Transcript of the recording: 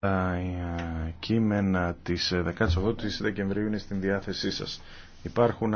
Τα ε, κείμενα της 18ης ε, Δεκεμβρίου είναι στην διάθεσή σας. Υπάρχουν